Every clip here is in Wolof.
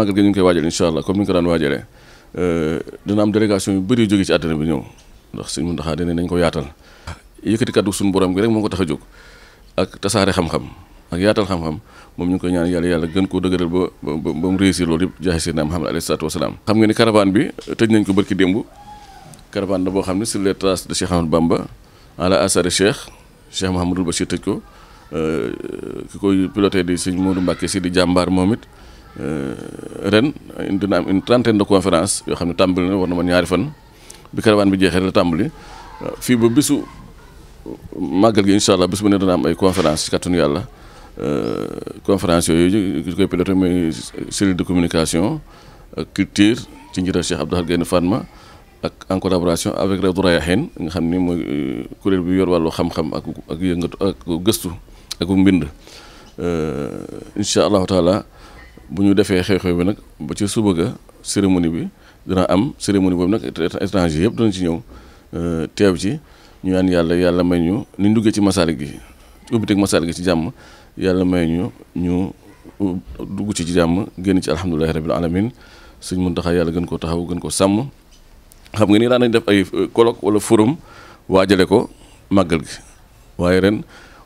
màggal gi ñu ngi koy waajal incha allah comme ni ñu ko daan waajalee euh, dina am délégation yu bëri yu jóge ci àddina bi ñëw ndax sëñ Muntaxa dene nañ ko yaatal yëkkati kàddu suñu borom gi rek moom ko tax a jóg ak tasaare xam-xam ak yaatal xam-xam moom ñu ngi koy ñaan yàlla yàlla gën koo dëgëral ba ba ba mu réussir loolu yëpp jaaxe Seydina Muhammad alayhi salaatu wasalaam xam nga ni caravane bi tëj nañ ko barki démb caravane la boo xam ne sur les traces de Cheikh Ahmadou Bamba ala asari Cheikh Cheikh Mouhamadul Bachir tëj ko euh, ki koy piloté di sëñ Modou Mbacke si di jàmbaar moom it ren dina am une trentaine de conférences yoo xam ne tàmbali na war na ma ñaari fan bi caravane bi jeexee la tàmbali fii ba bisu màggal gi incha allah bis bu ne dana am ay conférences ci kàttanu yàlla euh, conférence yooyu ki koy piloté mooy cellule de communication ak culture ci njiital Cheikh Abdou Khadre Gaïndé Fatma ak en collaboration avec Rawdu Rayaahiin nga xam ni mooy euh, kuréel bi yor wàllu xam-xam ak ak yëngatu ak gëstu ak mbind euh, incha allahu bu ñu defee xew-xew bi nag ba ci suba ga cérémonie bi dana am cérémonie boobu nag étranger yëpp dinañ ci ñëw euh, teew ci ñu ñaan yàlla yàlla may ñu ni ñu duggee ci masaalik gi ci ubbiteeg masaalik gi ci jàmm yàlla may ñu ñu dugg ci ci jàmm génn ci alhamdulilahi rabil alamin sëñ Muntaxa yàlla gën koo taxaw gën ko sàmm xam nga ni daan nañ def ay euh, colloque wala forum waajale ko màggal gi waaye ren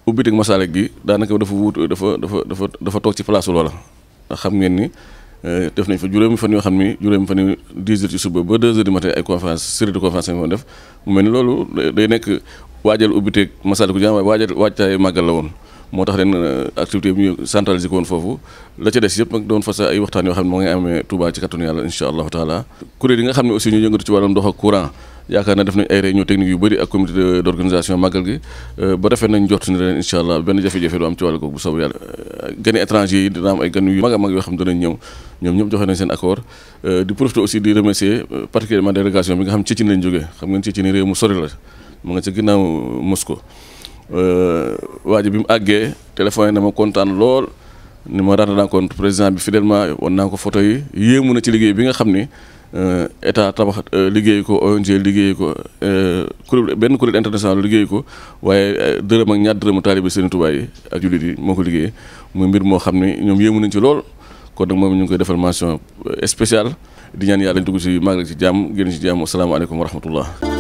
ubbiteeg masaalik gi daanaka dafa wut dafa dafa dafa dafa toog ci place loola xam ngeen ni euh, def nañ fa juróomi fan yoo xam ni juróomi fan yi 10 heures ci suba ba 2 heures du matin ay conférence série de conférence ni moo tax ren euh, activité bi ñu centralisé ko woon foofu la ca des yëpp nag doon fas ay waxtaan yoo xam ne moo ngi amee Touba ci kattanu yàlla incha allahu taala kuréel yi nga xam ne aussi ñu yëngatu ci wàllum ndox ak courant yaakaar na def nañ ay réunion technique yu bëri ak comité d' organisation màggal gi euh, ba rafet nañ jot ni ren incha allah benn jafe-jafe du am ci gani étranger yi dina am ay gan yu mag a mag yoo xam ne danañ ñëw ñoom ñëpp joxe nañ seen accord euh, di profiter aussi di remercier euh, particulièrement délégation bi nga xam Tchétchénie lañ jógee xam ngeen Tchétchénie réew mu sori la mu nga ca ginnaaw Moscou euh, waa bi mu àggee téléphoné na ma kontaan lool ni ma rendre rencontre président bi fidèlement wan naa ko photo yi yéemu na ci liggéey bi nga xam ni Euh, état tabax euh, liggéey ko ONG liggéey ko euh, kuréel benn kuréel international liggéey ko waaye dërëm ak ñaar dërëmu taalibe Sëriñ Tuubaa yi ak jullit yi moo ko liggéey muy mbir moo xam ne ñoom yéemu nañ ci lool kon nag moom ñu ngi koy defal mention di ñaan yàlla ñu dugg ci màggal ci jàmm génn ci jàmm asalaamaaleykum wa rahmatullah